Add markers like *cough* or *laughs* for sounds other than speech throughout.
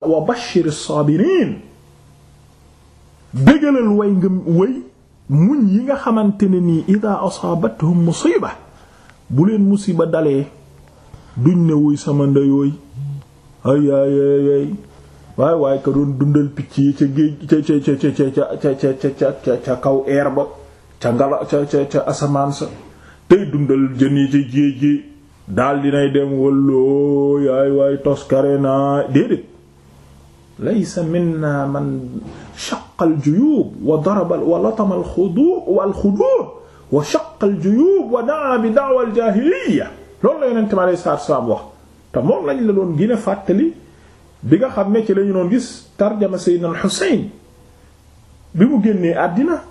wa bashir saabiriin bégalal way nga way muñ yi nga xamante ne nii ida asaabathum musiba bu leen musiba dalee duñ ne wuy sama ndeyooy ay ay ay waay waay ka doon dundal picc yi ca géej ca ca ca ca ca ca kaw air ba ca ngala ca ca ca asamaan sa tey dundal jën yi ca géej gi daal dinay dem wallooy ay waay toskaree naa déedéet laysa minna man shaqqa al-juyuub wa daraba wa latama al-xuduud wal xuduud wa shaqqa al wa daa bi da'wa al-jaahiliyya loolu la Yonent mi alayhi salaatu wax te moom lañ la doon gën a fàttali bi nga xam ne ci la ñu doon gis tarjama Sayyidina al bi mu génnee àddina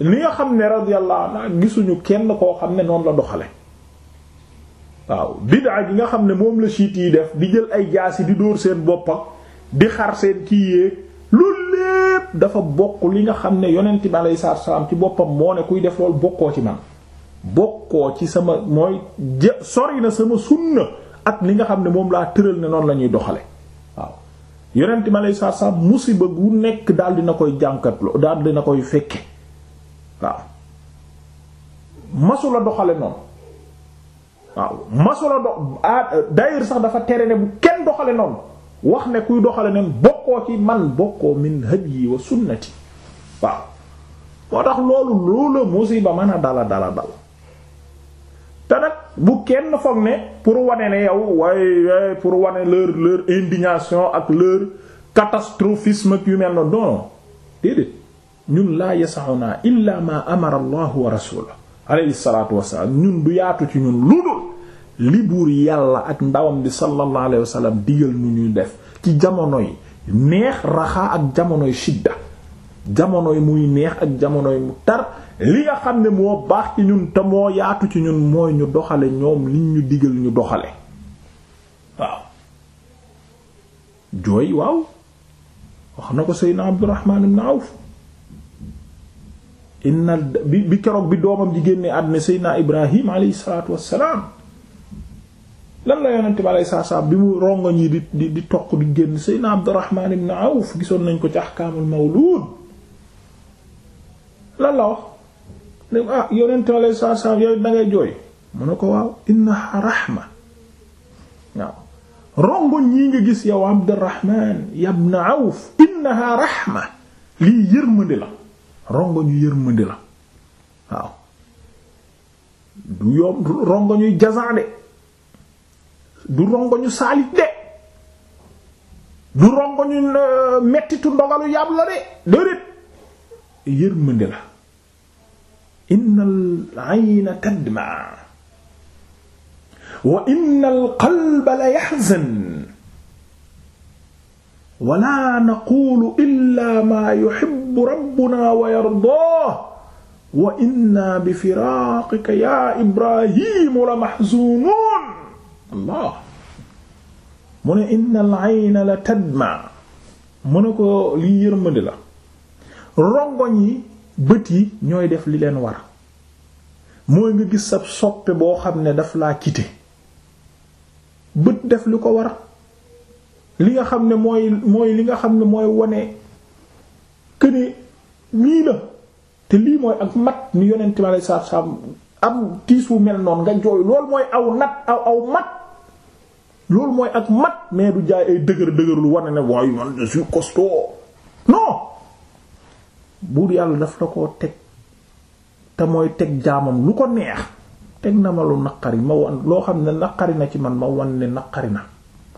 li nga xam ne radiyallahu anhu gisuñu kenn koo xam ne noonu la doxale waaw bid'a gi nga xam ne moom la siit yi def di jël ay jaasi di dóor seen boppa di xar seen kii yéeg loolu lépp dafa bokk li nga xam ne yonent bi aleyhi salaatu salaam ci boppam moo ne kuy def loolu bokkoo ci man bokkoo ci sama mooy sori na sama sunna ak li nga xam ne moom laa tëral ne noonu la ñuy doxale waaw yonent bi aleyhi salaatu salaam musiba gu nekk daal dina koy jànkatloo daal na koy fekke waaw masu la doxale noonu waaw masu la do ah, d'ailleurs sax dafa tere ne bu kenn doxale noonu wax ne kuy doxale nen bokkoo ci man bokkoo min yi wa sunnati waaw moo tax loolu loola musiba mën a dala dala dal te nag bu kenn foog ne pour wane ne yow waaye pour wane leur leur indignation ak leur catastrophisme ak yu mel na doonoon déedéet ñun laa yasaxunaa illa ma amara allahu wa rasuluhu alayhi salatu wasalaam ñun du yaatu ci ñun lu dul li buur yàlla ak ndawam bi sallallahu alayhi wa digal nu ñuy def ci jamonoy neex raxaa ak jamonoy shidda yi muy neex ak jamonoy mu tar li nga xam ne moo baax ci ñun te moo yaatu ci ñun mooy ñu doxale ñoom liñ ñu digal ñu doxale waaw jooy waaw wax na ko seydna abdurrahman ibn awf inna bi bi keroog bi doomam ji génne àddina seydna ibrahim alayhi salaatu wassalaam lan la yonent bi alayhi bi mu rongoñ yi di di di toq di génn Seydina Abdurrahman ibn Awf gisoon nañ ko ci ahkaamul mawluud lan la wax ah, bi ko waaw innaha rahma waaw yow Abdurrahman ibn Awf innaha rahma la rongoñ yu yërmande la waaw du yomb rongoñ yu du rongoñu saalit de du rongoñu euh, mettitu ndogalu yàbb la de déedéet yërmande la innal ayna tadma wa innal qalba la yahzan wala naqulu illa ma yuhibbu rabbuna wa yardaa wa inna bi firaaqika ya ibrahimu la mahzunuun allah mu ne innal ayna la tadma mu ne ko lii yërmande la rongoñ yi bët yi ñooy def li leen war mooy nga gis sa soppe boo xam ne daf laa quitté bët def li ko war li nga xam ne mooy mooy li nga xam ne mooy wone këne nii la te lii mooy ak mat ni yonent bi aleyhi salaatu salaam am tiis wu mel noonu nga jooy loolu mooy aw nat aw aw mat loolu mooy ak mat mais du jaay ay dëgër dëgër lu wane ne waaye man je suis costaud non buur yàlla daf la ko teg te mooy teg jaamam lu ko neex teg na ma lu naqari ma wan loo xam ne naqari na ci man ma wan ne naqari na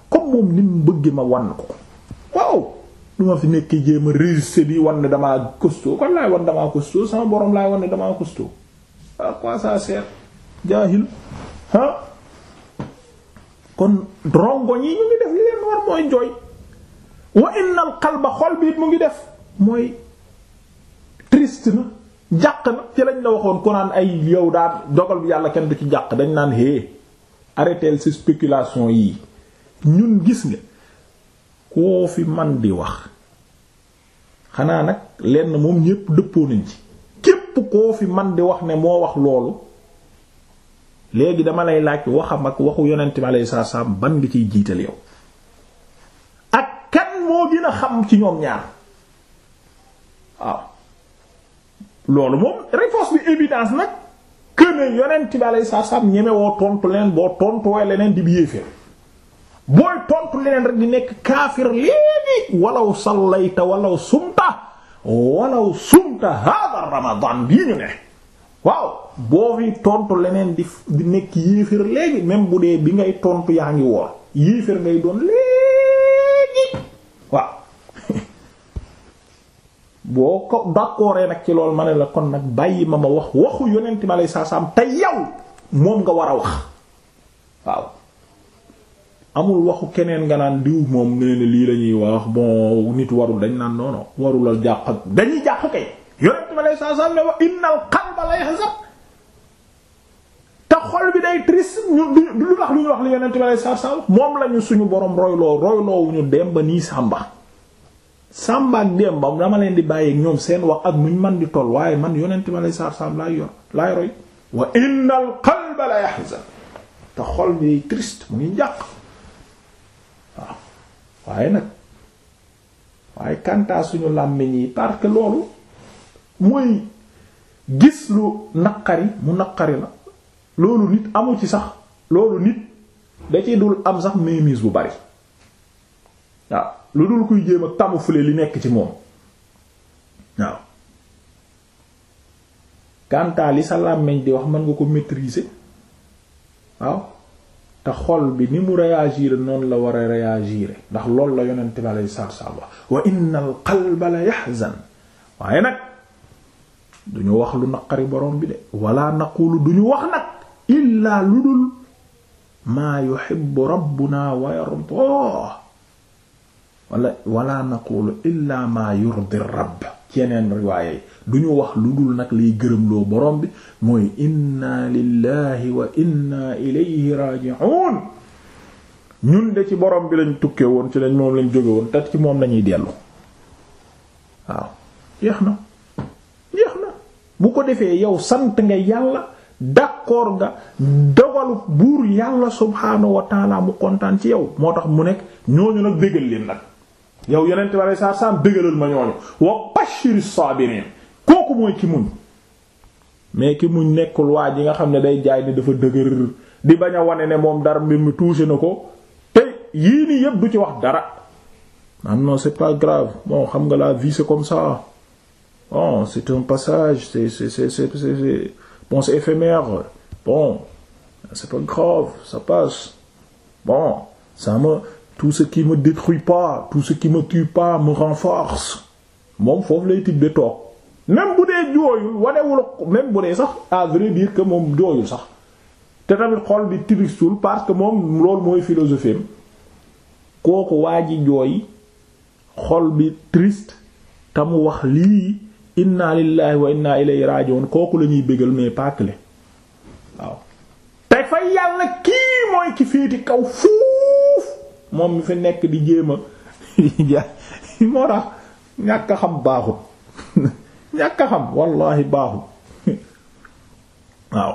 comme moom ni mu bëgg ma wan ko waaw lu ma fi nekk jéem a résister bii wan ne damaa costaud kon laay wan damaa costaud sama borom laay wan ne damaa costaud à quoi ça sert jaahil kon rongoñ yi ñu ngi def li leen war mooy njooy wa innal qalba xol bii mu ngi def mooy triste na jàq na ci lañ la waxoon ku naan ay yow daal dogal bi yàlla kenn du ci jàq dañ naan hé arrêteel ci spéculation yii ñun gis nga koo fi man di wax xanaa nag lenn moom ñépp dëppoo nañ ci képp koo fi man di wax ne moo wax loolu léegi dama lay laaj waxam ak waxu yonent bi alayhi salaatu salaam ban nga ciy jiital yow ak kan moo gën a xam ci ñoom ñaar waaw loolu moom réponse bi évidence nag que ne yonent bi alayhi salaam ñeme tontu leneen boo tontuwee leneen di bi yéeféer booy tontu leneen rek di nekk kaafir léegi walaw sallayta walaw sumta walaw sumta hada ramadan bii ñu ne waaw boo fi tontu leneen di di nekk yéeféer léegi même bu dee bi ngay tontu yaa ngi woor yéeféer ngay doon léegi waaw *laughs* boo ko d'accordee nag ci loolu ma ne la kon nag bàyyi ma ma wax waxu yonent ma lay saasaam te yow moom nga war a wax waaw amul waxu keneen nga naan diw moom nee na lii lañuy ñuy wax bon nit warul dañ naan non non warulal jàq dañuy jàq kay. yonent bi alayhi salaam ne wa innal qalba la bi day triste ñu lu tax lu ñu suñu borom royloo royloo wu ñu Demba nii Samba Samba ak Demba dama leen di bàyyi ñoom seen wax ak muñ man di toll waaye man yonent bi alayhi salaam laay yor laay roy wa la yahzan te xol bi day triste mu ngi jàq waaw waaye nag waaye kantaa suñu làmmiñ yi parce loolu mooy gis lu naqari mu naqari la loolu nit amu ci sax loolu nit da ci dul am sax mémise bu bari waaw lu dul kuy jéem a camoufler li nekk ci moom waaw kantaa li sa làmmiñ di wax mën nga ko maîtriser waaw te xol bi ni mu réagir noonu la war a réagir ndax loolu la yonent bi aleyhi salaatu wa salaam wa inna al qalba la yahzan waaye nag duñu wax lu naqari borom bi de wala naqulu duñu wax nag illaa lu dul maa yuhibbu rabbuna wa yardaa wala wala maa yurdi rabb ci yeneen riwaaye duñu wax lu dul nag liy gërëmloo borom bi mooy inna lillahi wa inna ilayhi raaji'uun ñun de ci borom bi lañ tukkee woon ci lañ moom lañ jóge woon te ci moom lañuy dellu waaw jeex na bu ko defee yow sant nga yàlla d'accord nga dogalu buur yàlla subhaanahu wa taala mu kontaan ci yow moo tax mu nekk ñooñu nag bégal leen nag yow yonent bi alei satu salaam bégalal ma ñooñu wa bashiri saabiriin kooku mooy ki muñ mais ki muñ nekkul waa ji nga xam ne day jaay ni dafa dëgër di bañ a wane ne moom dara mbir mi touché na ko te yii nii yëpp du ci wax dara non non c'est pas grave bon xam nga la vie comme ça bon c'est un passage c'est c'est c'est c'est bon c'est éphémère bon c'est pas grave ça passe bon ça me tout ce qui me détruit pas tout ce qui me tue pas me renforce moom foofu lay tibb de toog même bu dee jooyul wanewul même bu dee sax à vrai dire que moom jooyul sax te tamit xol bi tiristul parce que moom loolu mooy philosophie am kooku waa ji jooy xol bi triste te mu wax lii inna lillahi wa inna ilayhi raji'un kooku lañuy ñuy bégal mais pas que waaw te fa yàlla kii mooy ki féeti kaw fuuf moom mi fi nekk di jéema *laughs* moo tax ñàkk xam baaxul *laughs* ñàkk xam wallahi baaxul *laughs* waaw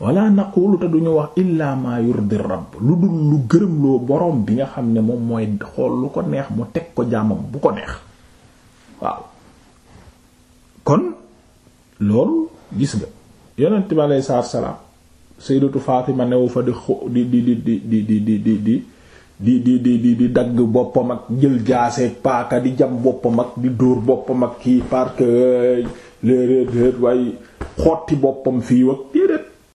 wala naqulu te duñu wax illa ma yurdi rabb lu dul lu gërëm loo boroom bi nga xam ne moom mooy xool lu ko neex mu teg ko jàmmam bu ko neex waaw kon loolu gis nga yonent bi aleyhi salaatu salaam sayyidatu Fatima newu fa di xo di di di di di di di dagg boppam ak jël jaaseeg paaka di jam boppam ak di dóor boppam ak kii parce que léeg-léeg waaye xotti boppam fii wak déedéet